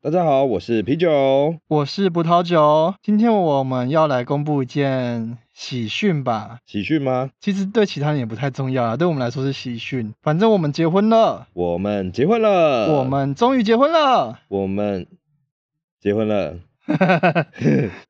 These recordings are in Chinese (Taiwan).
大家好，我是啤酒，我是葡萄酒。今天我們要來公布一件喜訊吧？喜訊嗎？其實對其他人也不太重要啊，對我們來說是喜訊。反正我們結婚了，我們結婚了，我們終於結婚了，我們結婚了。哈哈哈哈哈！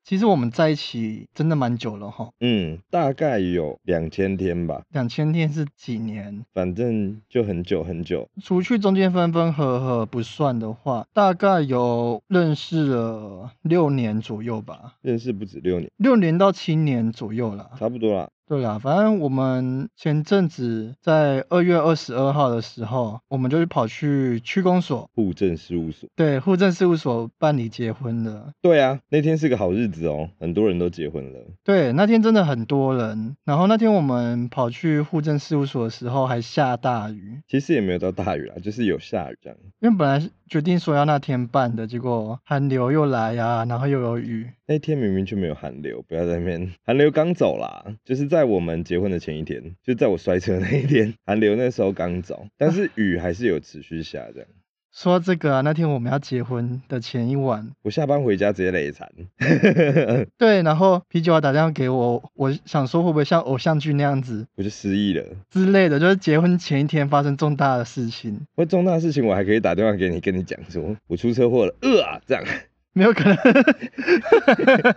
其實我們在一起真的蠻久了齁，嗯，大概有兩千天吧。兩千天是幾年？反正就很久很久。除去中間分分合合不算的話，大概有認識了六年左右吧。認識不止六年。六年到七年左右啦。差不多啦。對啊，反正我們前陣子在二月二十二號的時候，我們就跑去區公所、戶政事務所，對，戶政事務所辦理結婚的。對啊，那天是個好日子哦，很多人都結婚了。對，那天真的很多人。然後那天我們跑去戶政事務所的時候，還下大雨。其實也沒有到大雨啊，就是有下雨這樣。因為本來是決定說要那天辦的，結果寒流又來呀啊，然後又有雨。那天明明卻沒有寒流，不要在那邊。寒流剛走啦，就是在我們結婚的前一天，就在我摔車那一天，寒流那時候剛走，但是雨還是有持續下這樣。說這個啊，那天我們要結婚的前一晚，我下班回家直接累殘。 對，然後啤酒還打電話給我，我想說會不會像偶像劇那樣子，我就失憶了之類的，就是結婚前一天發生重大的事情？會重大的事情，我還可以打電話給你，跟你講說我出車禍了，呃啊，啊這樣。沒有可能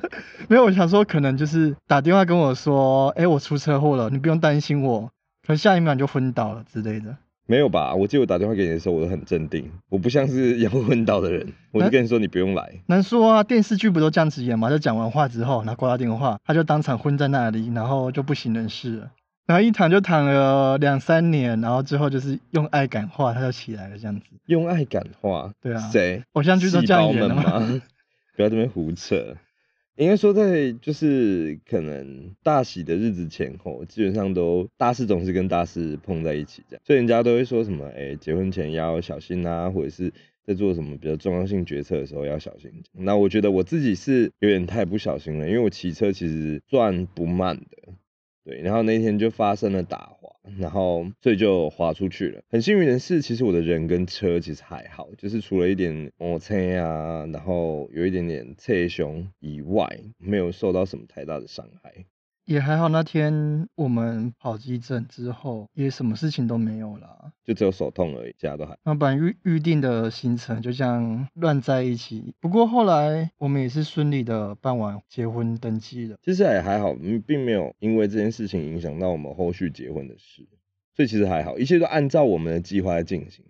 沒有。我想說，可能就是打電話跟我說，哎、欸，我出車禍了，你不用擔心我，可能下一秒你就昏倒了之類的。沒有吧？我記得我打電話給你的時候，我都很鎮定，我不像是也會昏倒的人。我就跟你說，你不用來。難說啊，電視劇不都這樣子演嘛？就講完話之後，然後掛了電話，他就當場昏在那裡，然後就不省人事了。然後一躺就躺了兩三年，然後之後就是用愛感化，他就起來了這樣子。用愛感化，對啊。誰？偶像劇都叫我們嗎,嗎？不要這邊胡扯。應該說在就是可能大喜的日子前後，基本上都大事總是跟大事碰在一起，這樣，所以人家都會說什麼，哎、欸，結婚前要小心啊，或者是在做什麼比較重要性決策的時候要小心、啊。那我覺得我自己是有點太不小心了，因為我騎車其實算不慢的。對，然後那天就發生了打滑，然後所以就滑出去了。很幸運的是，其實我的人跟車其實還好，就是除了一點摩擦呀，然後有一點點側胸以外，沒有受到什麼太大的傷害。也還好，那天我們跑急診之後，也什麼事情都沒有啦，就只有手痛而已，其他都還。那本來預預定的行程就這樣亂在一起，不過後來我們也是順利的辦完結婚登記了。其實也還好，嗯，並沒有因為這件事情影響到我們後續結婚的事，所以其實還好，一切都按照我們的計劃在進行。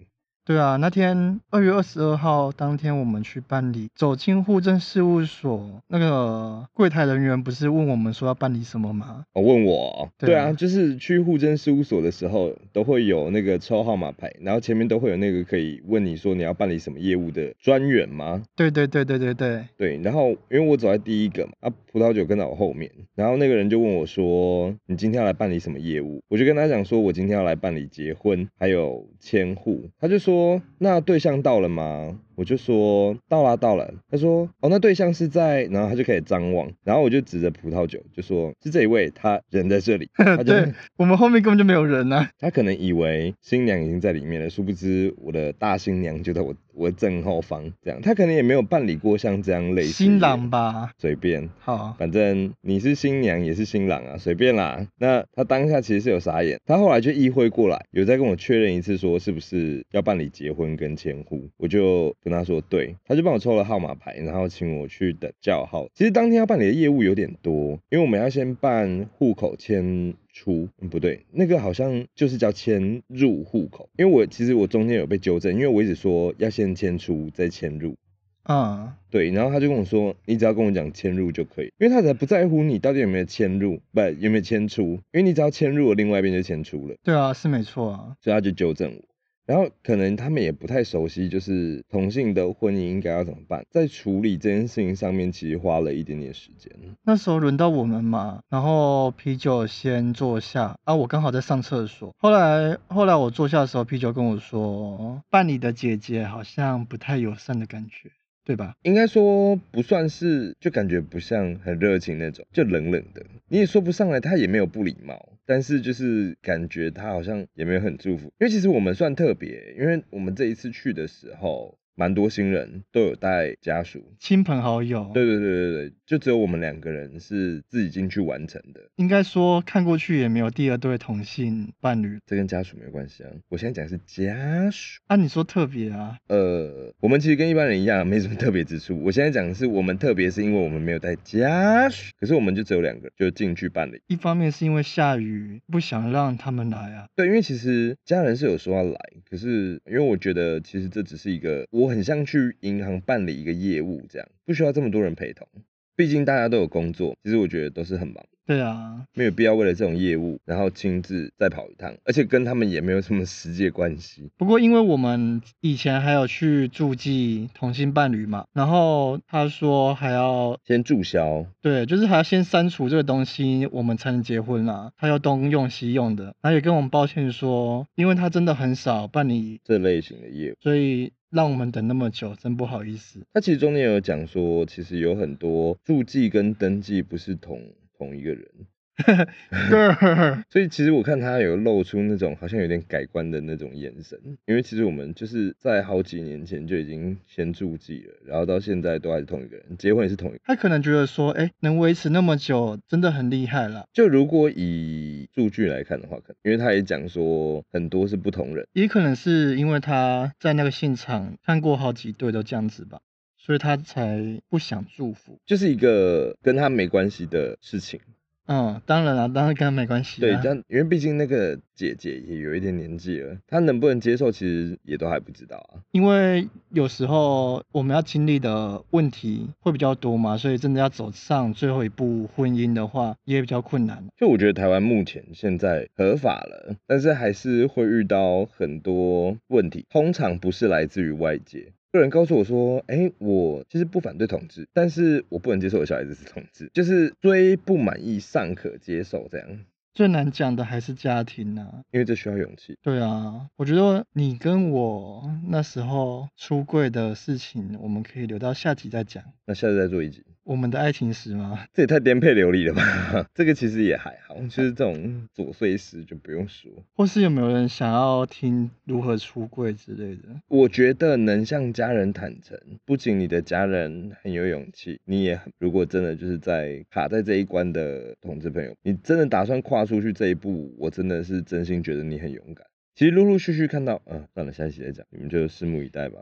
對啊，那天二月二十二號當天，我們去辦理，走進戶政事務所，那個櫃台人員不是問我們說要辦理什麼嗎？哦，問我。對啊，對啊，就是去戶政事務所的時候，都會有那個抽號碼牌，然後前面都會有那個可以問你說你要辦理什麼業務的專員嗎？對對對對對對對，然後因為我走在第一個嘛，啊葡萄酒跟在我後面，然後那個人就問我說：“你今天要來辦理什麼業務？”我就跟他講說：“我今天要來辦理結婚，還有遷戶。”他就說。說，那對象到了嗎？我就說到啦，到啦。他說哦，那對象是在，然後他就開始張望，然後我就指着葡萄酒就說是這一位，他人在這裡。他就 對， 我們後面根本就沒有人吶、啊。他可能以為新娘已經在裡面了，殊不知我的大新娘就在我我的正後方。這樣，他可能也沒有辦理過像這樣類似新郎吧，隨便好，反正你是新娘也是新郎啊，隨便啦。那他當下其實是有傻眼，他後來就意會過來，有再跟我確認一次，說是不是要辦理結婚跟遷戶，我就。跟他說對，他就幫我抽了號碼牌，然後請我去等叫號。其實當天要辦理的業務有點多，因為我們要先辦戶口遷出。嗯，不對，那個好像就是叫遷入戶口。因為我其實我中間有被糾正，因為我一直說要先遷出再遷入。啊、嗯，對，然後他就跟我說，你只要跟我講遷入就可以，因為他才不在乎你到底有沒有遷入，不，有沒有遷出，因為你只要遷入了，另外一邊就遷出了。對啊，是沒錯啊，所以他就糾正我。然後可能他們也不太熟悉，就是同性的婚姻應該要怎麼辦，在處理這件事情上面，其實花了一點點時間。那時候輪到我們嘛，然後啤酒先坐下啊，我剛好在上廁所。後來後來我坐下的時候，啤酒跟我說：“辦理的姐姐好像不太友善的感覺，對吧？”應該說不算是，就感覺不像很熱情那種，就冷冷的。你也說不上來，他也沒有不禮貌。但是就是感覺他好像也沒有很祝福，因為其實我們算特別，因為我們這一次去的時候。蠻多新人都有帶家屬、親朋好友，對對對對對，就只有我們兩個人是自己進去完成的。應該說看過去也沒有第二對同性伴侶，這跟家屬沒有關係啊。我現在講的是家屬啊，你說特別啊？呃，我們其實跟一般人一樣，沒什麼特別之處。我現在講的是我們特別，是因為我們沒有帶家屬，可是我們就只有兩個，就進去辦理。一方面是因為下雨，不想讓他們來啊。對，因為其實家人是有說要來，可是因為我覺得其實這只是一個。我很想去銀行辦理一個業務，這樣不需要這麼多人陪同。畢竟大家都有工作，其實我覺得都是很忙。對啊，沒有必要為了這種業務，然後親自再跑一趟，而且跟他們也沒有什麼實際關係。不過，因為我們以前還有去註記同性伴侶嘛，然後他說還要先註銷，對，就是還要先刪除這個東西，我們才能結婚啦。他要東用西用的，他也跟我們抱歉說，因為他真的很少辦理這類型的業務，所以。讓我們等那麼久，真不好意思。他、啊、其實中間也有講說，其實有很多註記跟登記不是同同一個人。哈， 所以其實我看他有露出那種好像有點改觀的那種眼神，因為其實我們就是在好幾年前就已經先註記了，然後到現在都還是同一個人，結婚也是同一個人，他可能覺得說，哎、欸，能維持那麼久，真的很厲害了。就如果以數據來看的話，可能因為他也講說很多是不同人，也可能是因為他在那個現場看過好幾對都這樣子吧，所以他才不想祝福，就是一個跟他沒關係的事情。嗯，當然了，當然跟他沒關係。對，但因為畢竟那個姐姐也有一點年紀了，她能不能接受，其實也都還不知道啊。因為有時候我們要經歷的問題會比較多嘛，所以真的要走上最後一步婚姻的話，也比較困難。就我覺得台灣目前現在合法了，但是還是會遇到很多問題，通常不是來自於外界。有人告訴我說，哎、欸，我其實不反對同志，但是我不能接受我的小孩子是同志，就是雖不滿意，尚可接受這樣。最難講的還是家庭啊，因為這需要勇氣。對啊，我覺得你跟我那時候出櫃的事情，我們可以留到下集再講。那下次再做一集。我們的愛情史嗎？這也太顛沛流離了吧！這個其實也還好，就、嗯、是這種瑣碎事就不用說。或是有沒有人想要聽如何出櫃之類的？我覺得能向家人坦誠，不僅你的家人很有勇氣，你也如果真的就是在卡在這一關的同志朋友，你真的打算跨出去這一步，我真的是真心覺得你很勇敢。其實陸陸續續看到，嗯，算了，下一期再講，你們就拭目以待吧。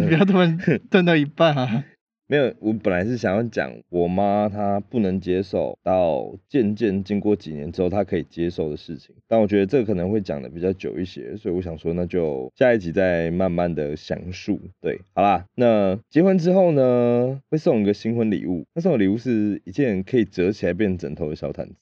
你不要突然斷到一半啊！ 因為我本來是想要講我媽她不能接受到，漸漸經過幾年之後她可以接受的事情，但我覺得這個可能會講的比較久一些，所以我想說那就下一集再慢慢的詳述。對，好啦，那結婚之後呢，會送一個新婚禮物，那送的禮物是一件可以折起來變成枕頭的小毯子。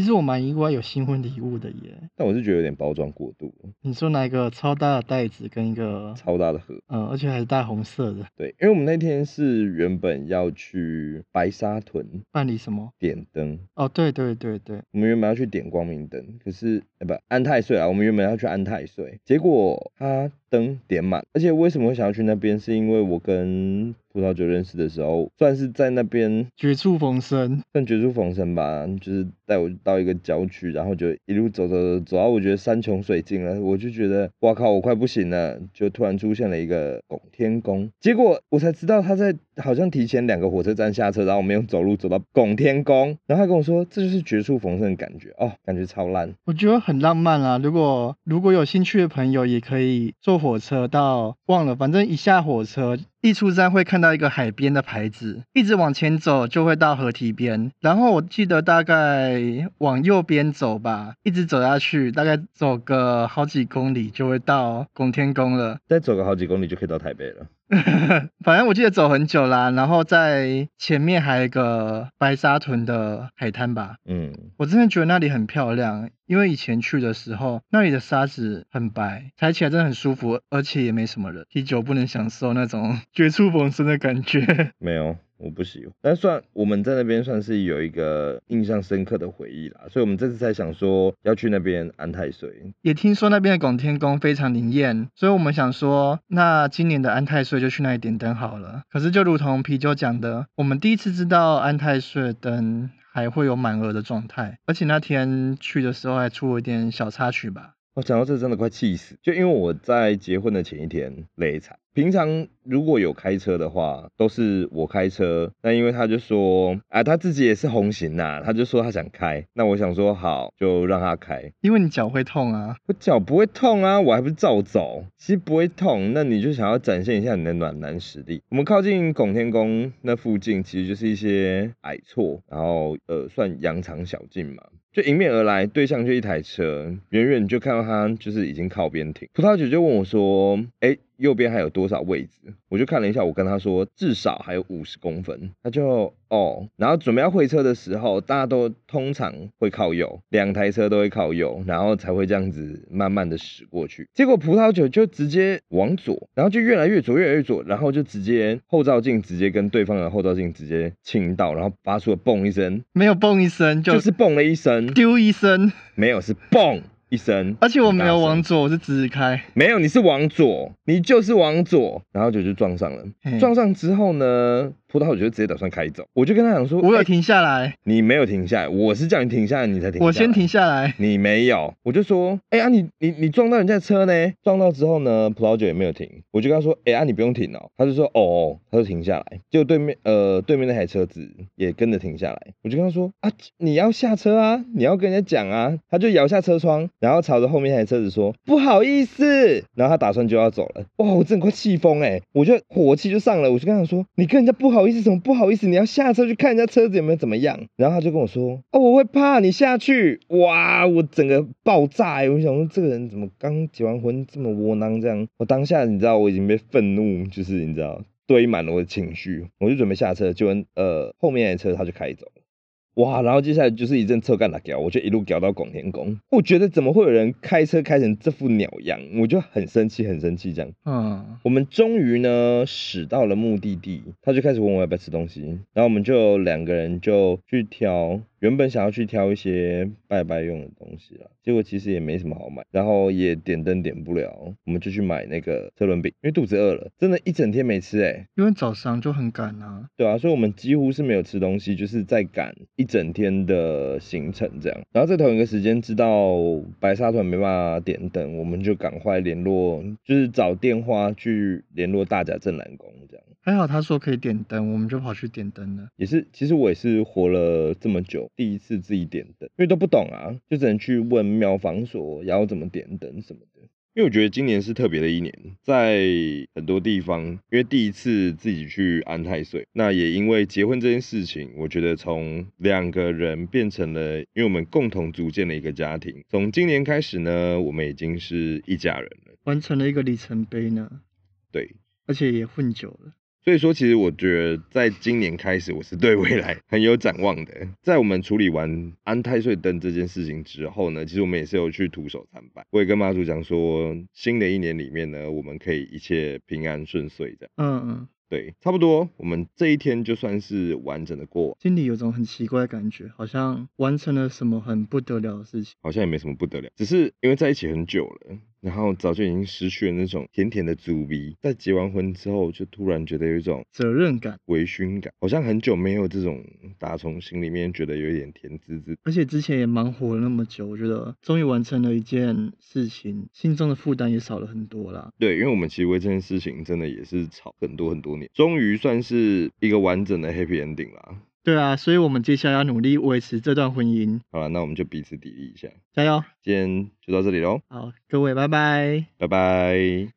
其實我蠻意外有新婚禮物的耶，但我是覺得有點包裝過度。你說拿一個超大的袋子跟一個超大的盒，嗯，而且還是大紅色的。對，因為我們那天是原本要去白沙屯辦理什麼點燈哦，對對對對，我們原本要去點光明燈，可是呃不安太歲啊，我們原本要去安太歲，結果他燈點滿，而且為什麼會想要去那邊？是因為我跟葡萄酒認識的時候，算是在那邊絕處逢生，算絕處逢生吧。就是帶我到一個郊區，然後就一路走走走走到，我覺得山窮水盡了，我就覺得哇靠，我快不行了，就突然出現了一個拱天宮。結果我才知道他在好像提前兩個火車站下車，然後我們用走路走到拱天宮，然後他跟我說這就是絕處逢生的感覺哦，感覺超爛。我覺得很浪漫啊！如果如果有興趣的朋友，也可以坐火車到忘了，反正一下火車。一出站會看到一個海邊的牌子，一直往前走就會到河堤邊，然後我記得大概往右邊走吧，一直走下去，大概走個好幾公里就會到拱天宮了。再走個好幾公里就可以到台北了。 反正我記得走很久啦，然後在前面還有一個白沙屯的海灘吧。嗯，我真的覺得那裡很漂亮，因為以前去的時候，那裡的沙子很白，踩起來真的很舒服，而且也沒什麼人。啤酒不能享受那種絕處逢生的感覺。沒有。我不喜歡，但算我們在那邊算是有一個印象深刻的回憶啦，所以我們這次才想說要去那邊安太歲。也聽說那邊的拱天宮非常靈驗，所以我們想說，那今年的安太歲就去那裡點燈好了。可是就如同啤酒講的，我們第一次知道安太歲燈還會有滿額的狀態，而且那天去的時候還出了一點小插曲吧。我、哦、想到這真的快氣死，就因為我在結婚的前一天累慘。平常如果有開車的話，都是我開車。那因為他就說，啊，他自己也是紅型吶、啊，他就說他想開。那我想說好，就讓他開。因為你腳會痛啊，我腳不會痛啊，我還不是照走，其實不會痛。那你就想要展現一下你的暖男實力。我們靠近拱天宮那附近，其實就是一些矮厝，然後呃，算羊腸小徑嘛，就迎面而來，對向就一台車，遠遠就看到他就是已經靠邊停。葡萄酒就問我說，哎、欸。右邊還有多少位置？我就看了一下，我跟他說至少還有五十公分，他就哦。然後準備要會車的時候，大家都通常會靠右，兩台車都會靠右，然後才會這樣子慢慢的駛過去。結果葡萄酒就直接往左，然後就越來越左，越來越左，然後就直接後照鏡直接跟對方的後照鏡直接傾倒，然後發出了嘣一聲，沒有嘣一聲，就是嘣了一聲，丟一聲，沒有是嘣。一聲，而且我沒有往左，是我是直直開。沒有，你是往左，你就是往左，然後就就撞上了、欸。撞上之後呢？葡萄酒就直接打算開走，我就跟他講說，我有停下來、欸，你沒有停下來，我是叫你停下來，你才停下來。我先停下來，你沒有， 我就說，哎、欸、呀、啊，你你你撞到人家的車呢，撞到之後呢，葡萄酒也沒有停，我就跟他說，哎、欸、呀、啊，你不用停哦。他就說，哦，哦，他就停下來，結果對面呃對面那台車子也跟着停下來，我就跟他說，啊，你要下車啊，你要跟人家講啊。他就搖下車窗，然後朝着後面那台車子說，不好意思，然後他打算就要走了，哇，我真快氣瘋哎，我就火氣就上了，我就跟他說，你跟人家不好。不好意思什麼不好意思，你要下車去看一下車子有沒有怎麼樣？然後他就跟我說：“哦，我會怕你下去，哇，我整個爆炸、欸。”我想說這個人怎麼剛結完婚這麼窩囊這樣？我當下你知道我已經被憤怒，就是你知道堆滿了我的情緒，我就準備下車，就問呃後面的車他就開走。哇，然後接下來就是一陣臭幹譙，我就一路譙到廣田宮。我覺得怎麼會有人開車開成這副鳥樣？我就很生氣，很生氣這樣啊。嗯，我們終於呢駛到了目的地，他就開始問我要不要吃東西，然後我們就兩個人就去挑。原本想要去挑一些拜拜用的東西啦，結果其實也沒什麼好買，然後也點燈點不了，我們就去買那個車輪餅，因為肚子餓了，真的，一整天沒吃，哎、欸。因為早上就很趕啊。對啊，所以我們幾乎是沒有吃東西，就是在趕一整天的行程這樣。然後在同一個時間知道白沙屯沒辦法點燈，我們就趕快聯絡，就是找電話去聯絡大甲鎮瀾宮這樣。還好他說可以點燈，我們就跑去點燈了。也是，其實我也是活了這麼久，第一次自己點燈，因為都不懂啊，就只能去問廟房所要怎麼點燈什麼的。因為我覺得今年是特別的一年，在很多地方，因為第一次自己去安太歲，那也因為結婚這件事情，我覺得從兩個人變成了，因為我們共同組建了一個家庭。從今年開始呢，我們已經是一家人了，完成了一個里程碑呢。對，而且也混久了。所以說，其實我覺得，在今年開始，我是對未來很有展望的。在我們處理完安太歲燈這件事情之後呢，其實我們也是有去徒手參拜。我也跟媽祖講說，新的一年裡面呢，我們可以一切平安順遂這樣嗯嗯。對，差不多，我們這一天就算是完整的過，心裡有種很奇怪的感覺，好像完成了什麼很不得了的事情，好像也沒什麼不得了，只是因為在一起很久了。然後早就已經失去了那種甜甜的主鼻，在結完婚之後，就突然覺得有一種責任感、微醺感，好像很久沒有這種打從心裡面覺得有一點甜滋滋。而且之前也忙活了那麼久，我覺得終於完成了一件事情，心中的負擔也少了很多啦。對，因為我們其實為這件事情真的也是吵很多很多年，終於算是一個完整的 happy ending 啦。對啊，所以我們接下來要努力維持這段婚姻。好了，那我們就彼此砥礪一下，加油！今天就到這裡嘍，好，各位，拜拜，拜拜。